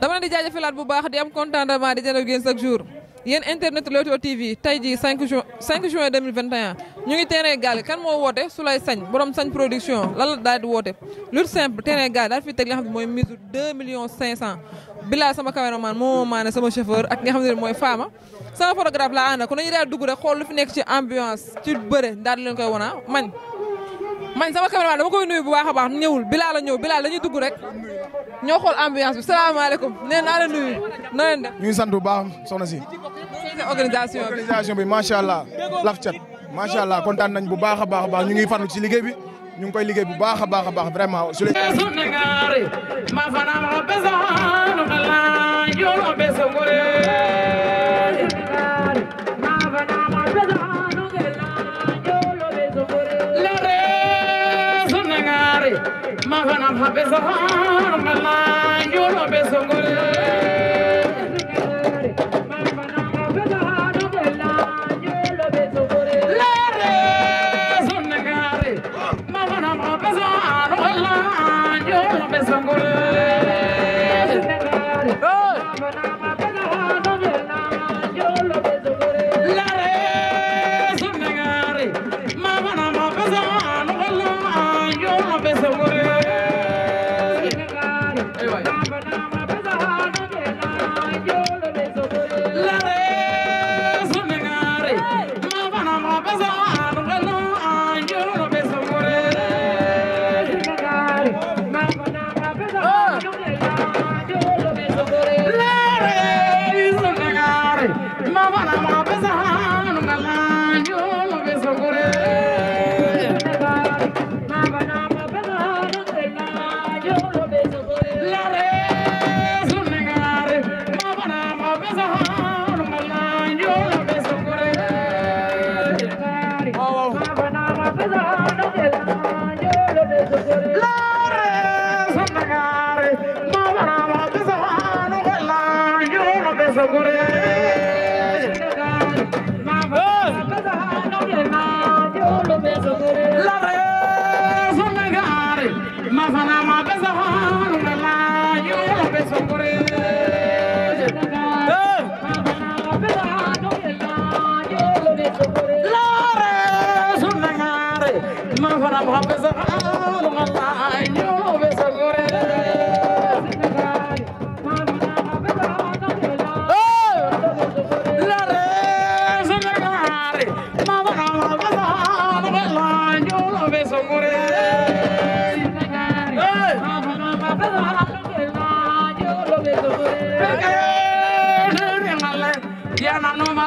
dama leen di jaajëfalaat bu baax di am contentement di jënd ak yéen chaque jour yéen internet Leewtoo TV tey jii 5 juin 5 juin ñu ngi terrain gaal kan moo woote Soulay Sagne borom Sagne production lan daal di woote. lutte simple terrain gaal daal fi teg li nga xam ne mooy mise 2 millions 500 bilaa sama caméraman moo maane sama chauffeur ak nga ne mooy Fama. sama photographe laa ànd ak kon dañuy daal dugg rek xool lu fi nekk ci ambiance ci bëre daal di leen koy wana ah, mañ mañ sama caméraman dama koy nuyu bu baax a ñëwul bilaa la ñëw bilaa la ñuy dugg rek. ñoo xool ambiance bi salaamaaleykum nee naa la nuyu na leen def. ñu ngi sant bu baax soxna si. organisation bi organisation macha allah laf cat macha allah kontaan nañ bu baax a baax a baax ñu ngi farlu ci liggéey bi ñu ngi koy liggéey bu baax a baax a baax vraiment. mafanam haɓe so horma ma juuloɓe sogol Thank you.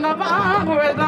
na ba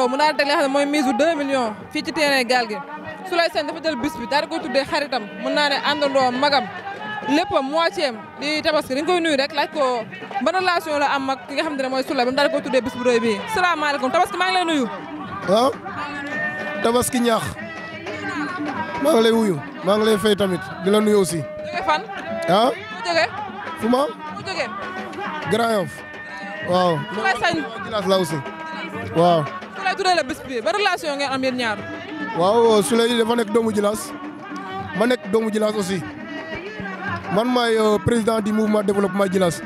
Maro mu daal di teg mooy mise bu 2 millions fii ci terrain gaal gi Souley Sène dafa jël bis bi daal di koy tuddee xaritam mun naa ne àndandoo magam léppam moitié am di tabaski dañ koy nuyu rek laaj ko ban relation la am ak ki nga xam ne mooy Souley ba mu daal di koy tuddee bis bu rëy bii salaamaaleykum tabaski maa ngi lay nuyu. waaw tabaski ñaax maa ngi lay wuyu maa ngi lay tamit di la nuyu aussi. jóge fan. ah mu jóge. fu ma. mu jóge. Grand waaw. Souley Sène la aussi. lay tuddee bis bi ba relation ngeen am yéen ñaar. waaw Souley dafa nekk doomu Djilass ma nekk doomu Djilass aussi man maay euh, président du mouvement développement Djilass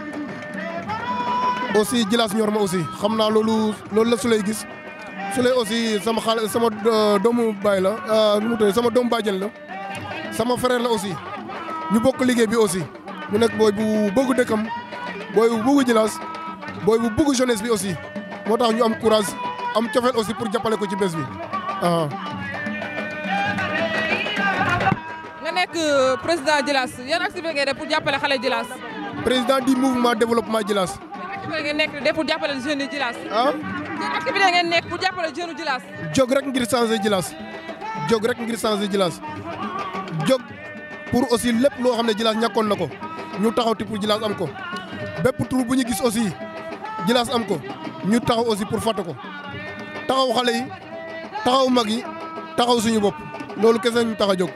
aussi Djilass ñor ma aussi xam naa loolu loolu la Souley gis Souley aussi sama xaal sama euh, doomu baay la euh, nu mu tudd sama doomu baajal la sama frère la aussi ñu bokk liggéey bi aussi mu nekk booy bu bëgg dëkkam booy bu bëgg Djilass booy bu bëgg jeunesse bi aussi moo tax ñu am courage. am cofeel aussi pour jàppale ko ci bés bi waaw. Ah. nga nekk euh, président Djilass yan activité ngay def pour jàppale xale Djilass. président du mouvement développement Djilass. activité ngeen nekk def pour jàppale jeune yi Djilass. Ah. nekk pour jàppale jeune yi Djilass. jóg rek ngir changer Djilass jóg rek ngir changer Djilass jóg pour aussi lépp loo xam ne Djilass ñàkkoon na ko ñu taxaw ti pour Djilass am ko bépp tur bu ñu gis aussi Djilass am ko ñu taxaw aussi pour fàtte ko. taxaw xale yi taxaw mag yi taxaw suñu bopp loolu kese ñu tax a jóg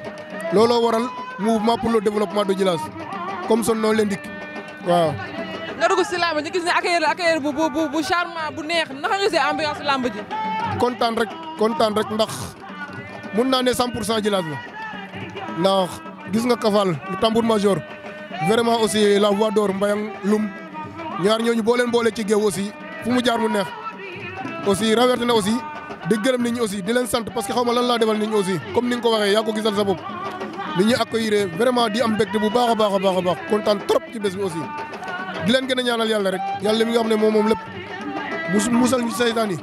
looloo waral mu mouvement pour le développement de Djilass comme son nom l'indique waaw. nga dugg si làmb ñu gis ne accueil accueil bu bu bu charmant bu neex naka nga gisee ambiance làmb ji. kontaan rek kontaan rek ndax mun naa ne 100 pour cent Djilass la ndax gis nga Kafal mu tambour major vraiment aussi la voix d'or Mbayang Loum ñaar ñooñu boo leen boole ci géew aussi fu mu jaar mu neex. aussi rawatina aussi di gërëm nit ñi aussi di leen sant parce que xaw ma lan laa defal nit ñi aussi comme ni ko waxee yaa ko gisal sa bopp nit ñi accueillir vraiment di am mbégte bu baax a baax a baax a baax kontaan trop ci bés bi aussi di leen gën a ñaanal yàlla rek yàlla mi nga xam ne moom moom lépp musul musal ñu saytaan yi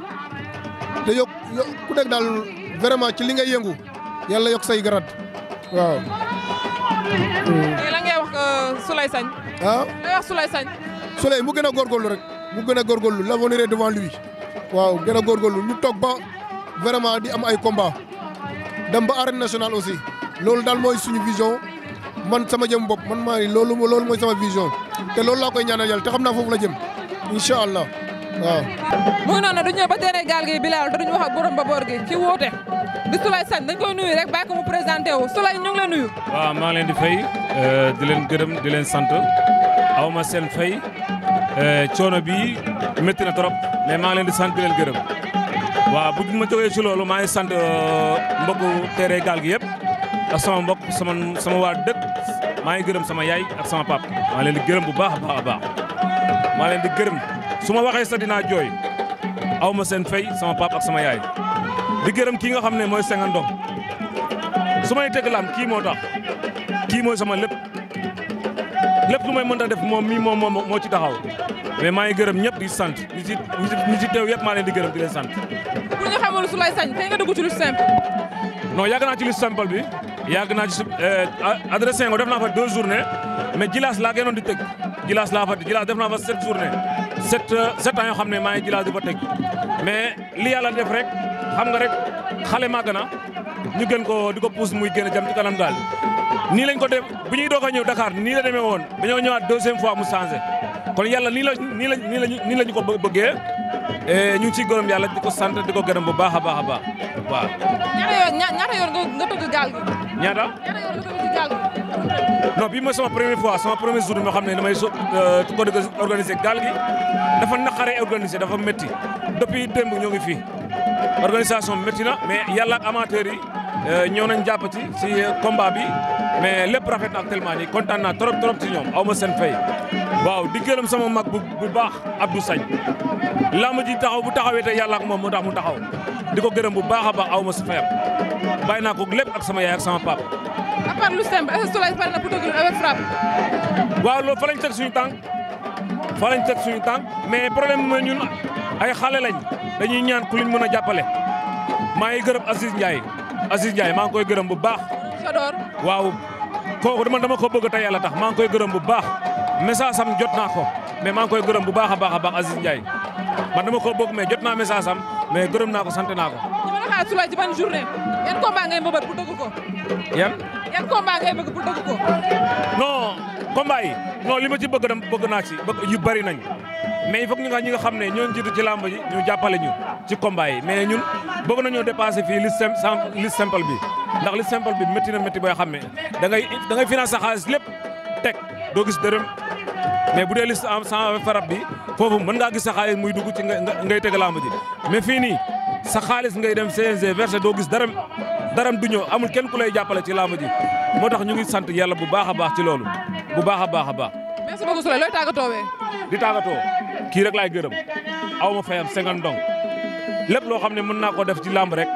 te yokk ku nekk daal vraiment ci li ngay yëngu yàlla yokk say garaat waaw. tey lan ngay wax euh, Souleye Sagne. ah lay wax Souleye Sagne. Souleye mu gën a góorgóorlu rek mu gën a góorgóorlu l'avenir est devant waaw gën góor góorgóorlu ñu toog ba vraiment di am ay combat dem ba arène nationale aussi loolu daal mooy suñu vision man sama jëm bopp man maay loolu loolu mooy sama vision te loolu laa koy ñaanal yàlla te xam naa foofu la jëm incha allah waaw. mu ngi noonu du ñëw ba terrain gaal gi Bilal te duñu wax ak borom ba boor gi ci woote di Souleye Sagne dañ koy nuyu rek bàyyi ko mu présenté wu Souleye ñu ngi lay nuyu. waaw maa leen di fay euh, di leen gërëm di leen sant aw ma seen fay. Eh, coono bi métti na trop mais maa leen di sant di leen gërëm bu ma jógee ci loolu maa ngi sant euh, mbokku teere gaal gi yëpp ak sama mbokk sama sama waa dëkk maa ngi gërëm sama yaay ak sama pap maa leen di gërëm bu baax baax baax maa leen di gërëm su ma waxee sa dinaa jooy aw ma seen fay sama pap ak sama yaay di gërëm kii nga xam ne mooy Senghane Ndong su may teg laam kii moo tax kii mooy sama lépp. lépp lu may mën a def moom mii moom moo moo ci taxaw mais maa ngi gërëm ñëpp di sant ñi ci ñi ci teew yëpp maa leen di gërëm di leen sant. bu ñu xamul su sañ tey nga dugg ci lu simple. non yàgg naa ci lu simple bi yàgg naa ci euh, adressé naa fa deux journées mais jilaas laa gënoon di tëgg jilaas laa fa jilaas def naa fa sept journées sept euh, sept ans yoo xam ne maa ngi jilaas di fa tëgg mais li yàlla def rek xam nga rek xale màgg na ñu gën ko di ko pousse muy gën a jëm ci nii lañ ko def bu ñuy doog a ñëw Dakar nii la demee woon dañoo ñëwaat deuxième fois mu changé kon yàlla nii la nii la nii la nii la ñu ko bëggee eh, ñu ngi ciy gërëm yàlla di ko sant di ko gërëm bu baax a a baax waaw. ñaata yoon nga tëgg gaal gi. ñaata. ñaata yoon nga tëgg bii mooy sama première fois sama premier jour bi xam ne damay so euh, ko organisé gaal gi dafa naqaree organisé dafa métti depuis démb ñoo ngi fii organisation métti na mais yàlla ak amateurs yi euh, ñoo nañ jàpp ci ci combat bi. mais lépp rafet na actuellement kontaan naa trop trop si ñoom aw ma seen fay. waaw di gërëm sama mag bu baax ab Abdou Sañ lamb ji taxaw bu taxawee te yàlla moom moo tax mu taxaw di ko gërëm bu baax a baax aw ma si fayam bàyyi naa ko lépp ak sama yaay ak sama papa. à part lu simple est-ce que Souleye na pour déglu avec frappe. waaw loolu fa lañ teg suñu tànk fa lañ teg suñu tànk mais problème bi mooy ñun ay xale lañ dañuy ñaan ku liñ mën a jàppale maa ngi gërëm Aziz Ndiaye Aziz Ndiaye maa ngi koy gërëm bu baax. Kador. waaw kooku man dama ko bëgg te yàlla tax maa ngi koy gërëm bu baax message am jot naa ko mais maa ngi koy gërëm bu baax a baax a baax Aziz Ndiaye dama ko bëgg mais jot naa message am mais gërëm naa ko sant naa ko. ñu mën a xaar Souleye ci ban journée yan combat ngay mbëbët pour dëgg ko. yan yan ko. non combat yi li ma ci bëgg bëgg naa ci bëgg yu bari nañ mais il faut ñu nga ñi xam ne ñoo jiitu ci làmb ji ñu jàppale ñu ci combat yi mais ñun bëgg nañoo dépasser fii liste simple liste simple bi ndax liste simple bi métti na métti booy xam ne da ngay da ngay financer xaalis lépp teg doo gis dërëm mais bu dee liste en sans farab bi foofu mën ngaa gis sa xaalis muy dugg ci ngay teg làmb ji mais fii nii sa xaalis ngay dem CNG versé doo gis dërëm dërëm du ñëw amul kenn ku jàppale ci làmb ji moo tax ñu ngi sant yàlla bu baax a baax ci loolu bu baax a baax a baax. merci kii rek laay gërëm aw ma fayam Sengal Ndong lépp loo xam ne mën naa ko def ci làmb rek.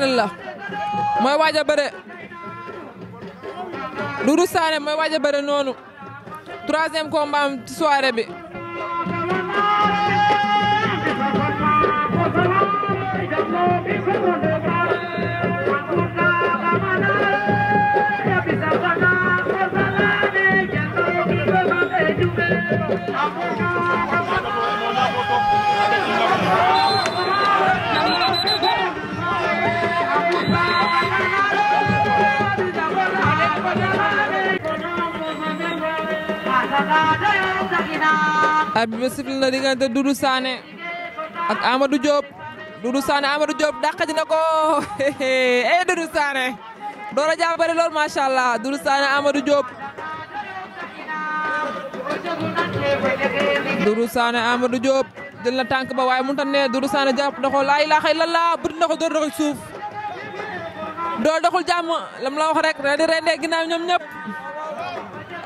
daaneel la mooy waaj a bëre Doudou Sané mooy waaj a noonu troisième combat am ci soirée arbitre bi sifflé na diggante Doudou Sané ak Amadou Diop Doudou Sané Amadou Diop dàqati na ko eh Doudou Sané door a jàppale lool macha allah Doudou Sané Amadou Diop. Doudou Sané na tànk ba waaye mënut a ne Doudou Sané jàpp na ko laa ilaaha ko door ko suuf door doxul jàmm lam la wax rek rendi rendee ginnaaw ñoom ñëpp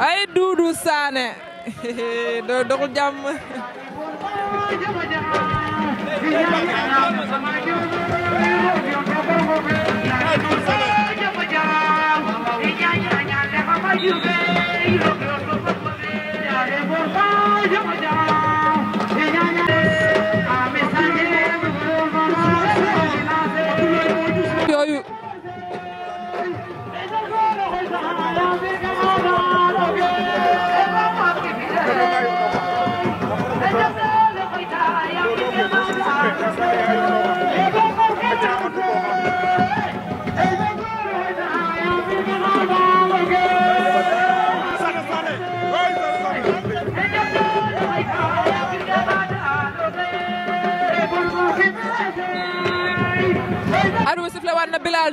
ay Doudou Sané. Eh, doo doxul jàmm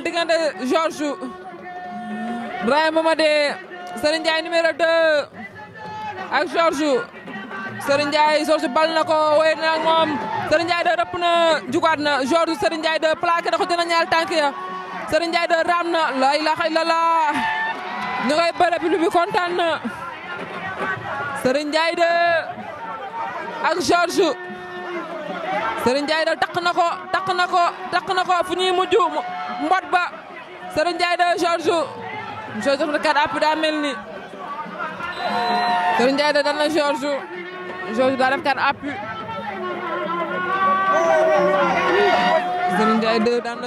final diggante Georges Brahim Mamadé Serigne Ndiaye numéro 2 ak Georges Serigne Ndiaye Georges ko wéy na ak de rëpp na jugaat na de plaqué ko dina ñaari tànk ya de raam na la ilaha illallah ñu ngay bëre public bi kontaan na Serigne de ak Georges Serigne de takk na ko takk na ko takk na ko fu ñuy mujj mbot ba Serigne Ndiaye de Georges Georges jox na quatre appuis daa mel ni Serigne Ndiaye de dal na Georges Georges daa def quatre de dal na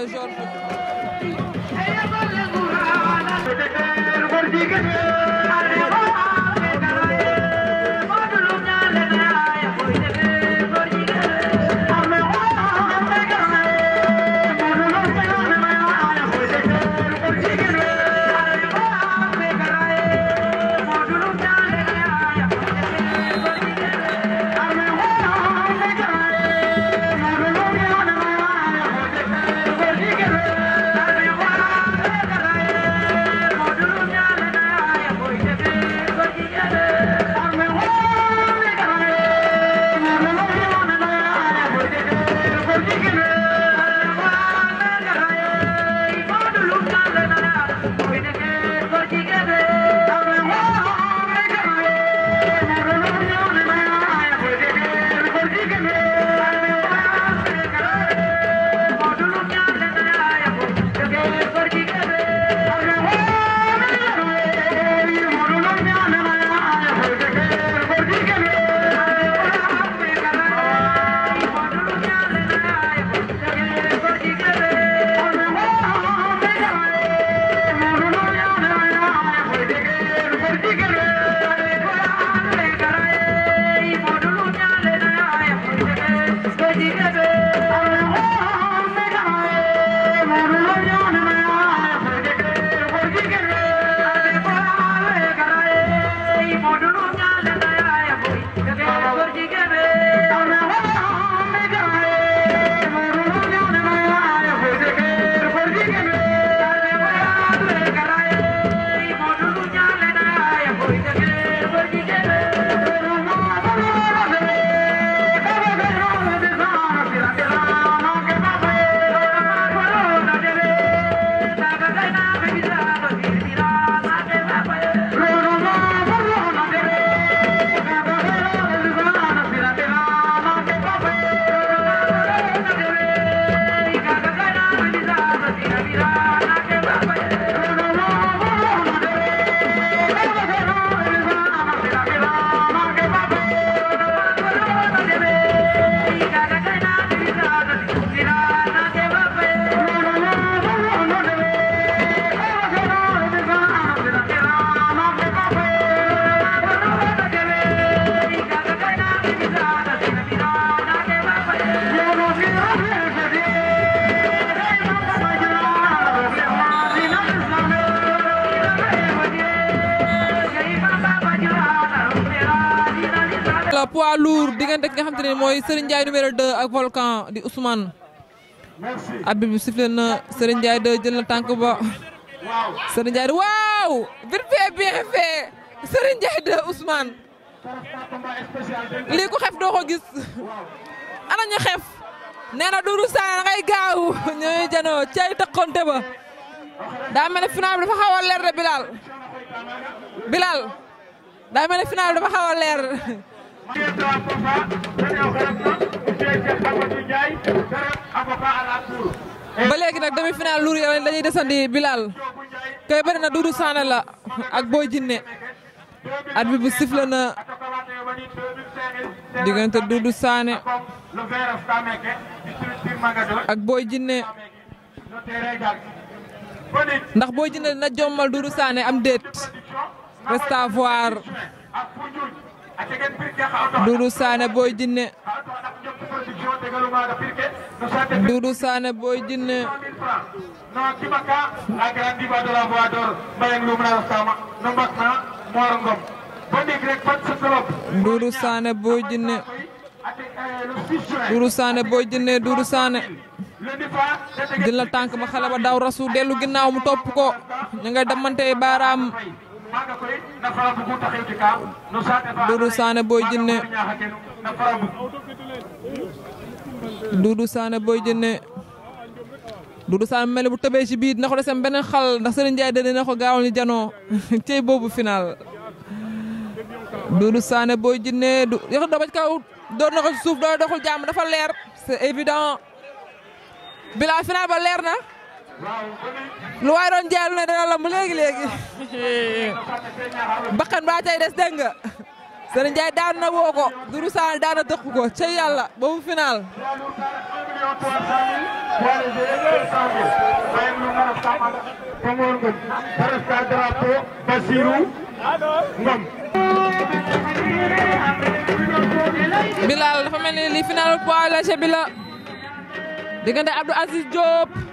poids di diggante ki nga mooy Serigne Ndiaye numéro 2 ak volcan di Ousmane. abbi bi sifflé na jël na tànk ba Serigne Ndiaye waaw vite fait bien fait Serigne Ndiaye 2 Ousmane lii ko xef ko gis ana xef nee na Doudou Sané ngay gaaw ñooy janoo cay tëqonte ba daa mel ne final dafa xaw de Bilal Bilal daa mel ne final dafa xaw a leer Monsieur ba léegi nag demi-finale lourd yi lañuy desandi Bilal kay bëri na Doudou saane la ak Boy Djiné at bi bu sifflé na diggante Doudou ak Boy ndax Boy Djiné dina jommal Doudou saane am déet reste Doudou Sané Boy Djiné Doudou Sané Boy Djiné Doudou Sané saane Djiné Doudou Sané Boy Djiné Doudou tànk ba xale ba daw rasu dellu ginnaaw mu topp ko ñu ngay damante baaraam Doudou Sané Boy Djiné du Sané Boy Djiné Doudou Sané mel bu tëbee ci biir dina ko desem xal ndax Serigne Ndiaye dëgg na ko gaawal ñu janoo cey boobu final. Doudou Sané Boy Djiné du yëkkati doo ba ci kaw door ci suuf doo doxul jàmm dafa leer c'est évident bila final ba leer na. lu waay doon jaay lu ne dana lamb léegi léegi bakkan ba tey des dégg nga Serigne Ndiaye na woo ko Doudou Sané daan na ko ca yàlla ba mu final. dafa mel ni li final poids léger bi la diggante Abdou Aziz Diop.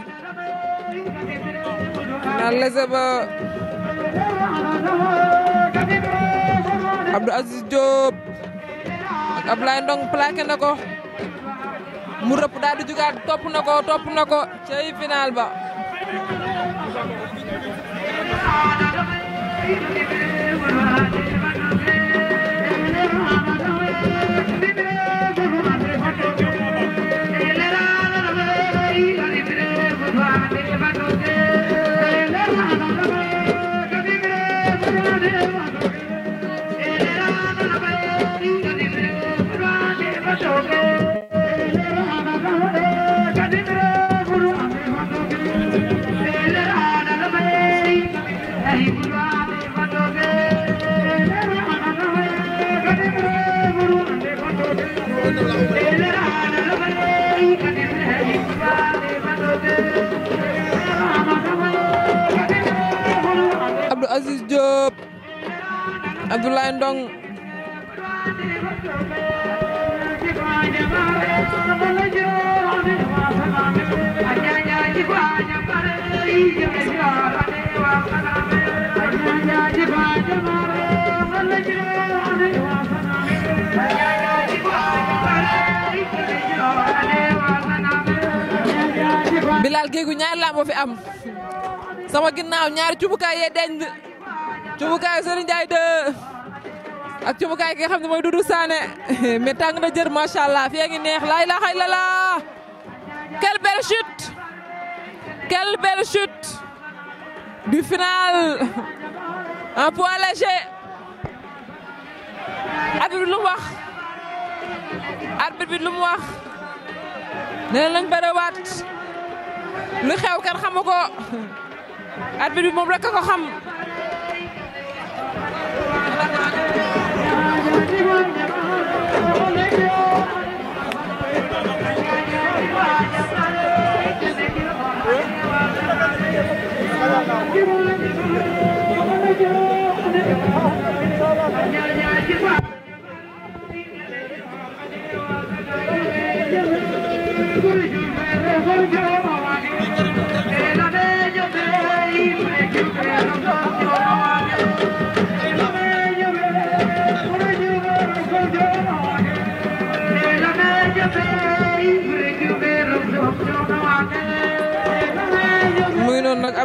naan lese ba Abdou Aziz Diop ak na ko mu rëpp daal di jugaat topp na ko topp na ko cay final ba Aziz Diop Abdoulaye ñaar laa moo fi am sama ginnaaw ñaar cubukaay yee denc cubukaayu Serigne Ndiaye 2 ak cubukaay ki nga xam ne mooy du Sané mais tàng na jër macha allah fii ngi neex la ilaha illallah quelle belle chute quelle belle chute du final en poids léger arbitre bi lu mu wax arbitre bi lu mu wax nee nañ bëriwaat lu xew kenn xamu ko. arbitre bi moom rek ko xam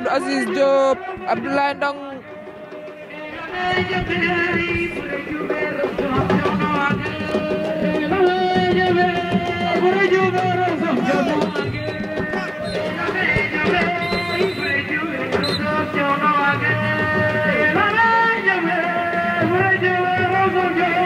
Abdou Aziz Diop Abdoulaye Ndong Yeah.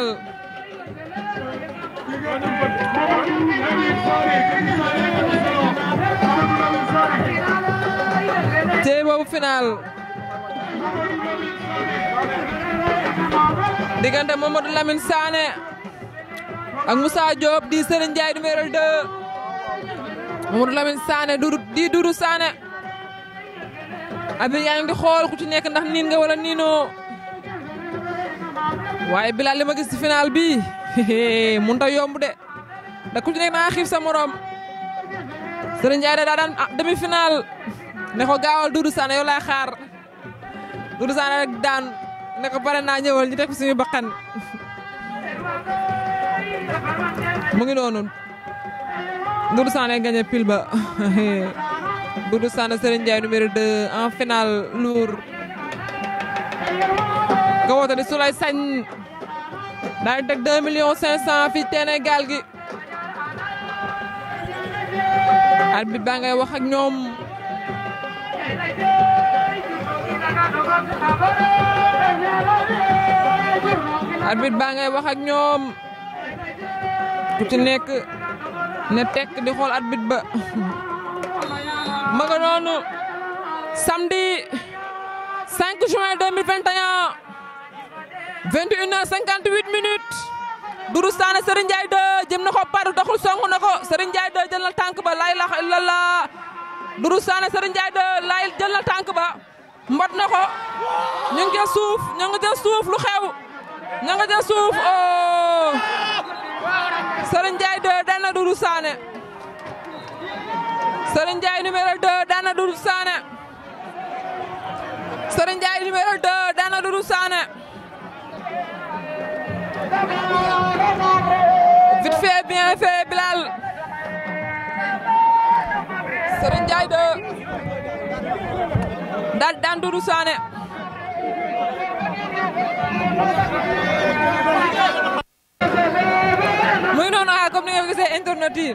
Sénégal tey boobu final diggante Mamadou Lamine Sané ak Moussa Diop di Serigne Ndiaye numéro 2 Mamadou Lamine Sané du di Doudou Sané abi yaa ngi di xool ku ci nekk ndax niin nga wala niinoo waaye Bilal li ma gis ci final yomb de da ku ci nekk naa xiif sa morom Serigne Ndiaye daa daan ah, demi final ne ko gaawal Doudou Sané yow laay xaar Doudou Sané daan ne ko pare naa ñëwal ñu teg suñu bakkan mu ngi noonu Doudou Sané ba Doudou Sané Serigne Ndiaye en finale lourd nga woote di Souleye Sagne daañu fii terrain gaal gi. arbitre baa ngay wax ak ñoom. ku ci nekk ne tekk di xool arbitre ba. ma nga 21 heures 58 minutes Dourou Sané Serigne Ndiaye 2 jëm na ko paru taxul song na ko Serigne Ndiaye jël na tànk ba lay la la Dourou Sané Serigne Ndiaye 2 lay jël na tànk ba mbot na ko ñu suuf ñu ngi suuf lu xew ñu ngi suuf oh Serigne Ndiaye 2 daan na Dourou Sané Serigne Ndiaye numéro 2 daan na Dourou vite fait bien fait Bilal Serigne Ndiaye de dal daan Doudou Sané mu ngi noonu ah, comme ni nga gisee internet yi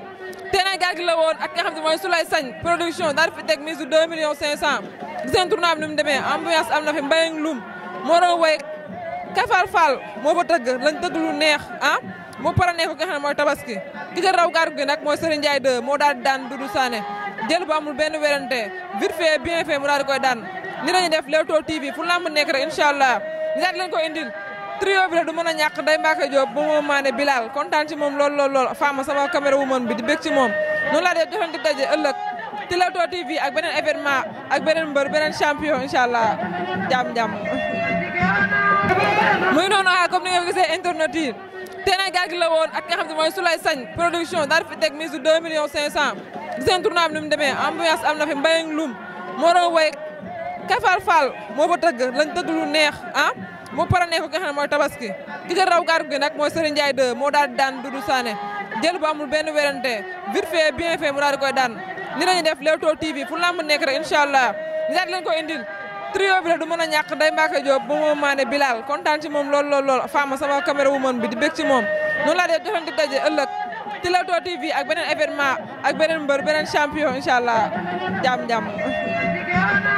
terrain woon ak nga xam ne mooy Soulay Sagne production daal fi teg mise 2 millions 500 gis ngeen tournoi bi ni mu demee ambiance am na fi Mbayang Loum moo Kafal Fall moo fa tëgg lañ tëgg lu neex ah mu paranee ko nga xam ne mooy tabaski ki jël raw gaar gi nag moo Serigne Ndiaye 2 moo daal di daan Doudou Sané jël bu amul benn werante vite fait bien fait mu daal di koy daan ni lañu def Leewtoo TV fu lamb nekk rek incha allah ñu daal di leen ko indil trio bi la du mën a ñàkk day Mbacke Diop ba moom maa ne Bilal kontaan ci moom lool lool lool Fama sama caméra woman bi di bég ci moom noonu laa dee joxante daje ëllëg ci Leewtoo TV ak beneen événement ak beneen mbër beneen champion incha allah jàmm jàmm mu noonu ah comme ni nga gisee internet yi terrain gaal la woon ak ke xam ne mooy Souleye Sagne production daal di fi teg mise de 2 millions cent gis ngeen tournoi bi demee ambiance am na fi Mbayang Loum moo doon woy Kafar moo ko tëgg lañ tëgg lu neex ah mu pare nekkul nga xam ne mooy tabaski ki nga raw gaar gi nag mooy Serigne Ndiaye 2 moo daal di daan Doudou Sané jël bu amul benn werante vite fait bien fait mu daal koy daan ni la ñuy def Leewtoo TV fu lamb nekk rek incha allah ñu daal di ko indil. trio bi nag du mën a ñàkk day Mbacke Diop bu mu maane Bilal kontaan ci moom lool lool lool Fama sama caméra woman bi di bég ci moom noonu la dee joxante daje ëllëg ci Leewtoo TV ak beneen événement ak beneen mbër beneen champion incha allah jàmm jàmm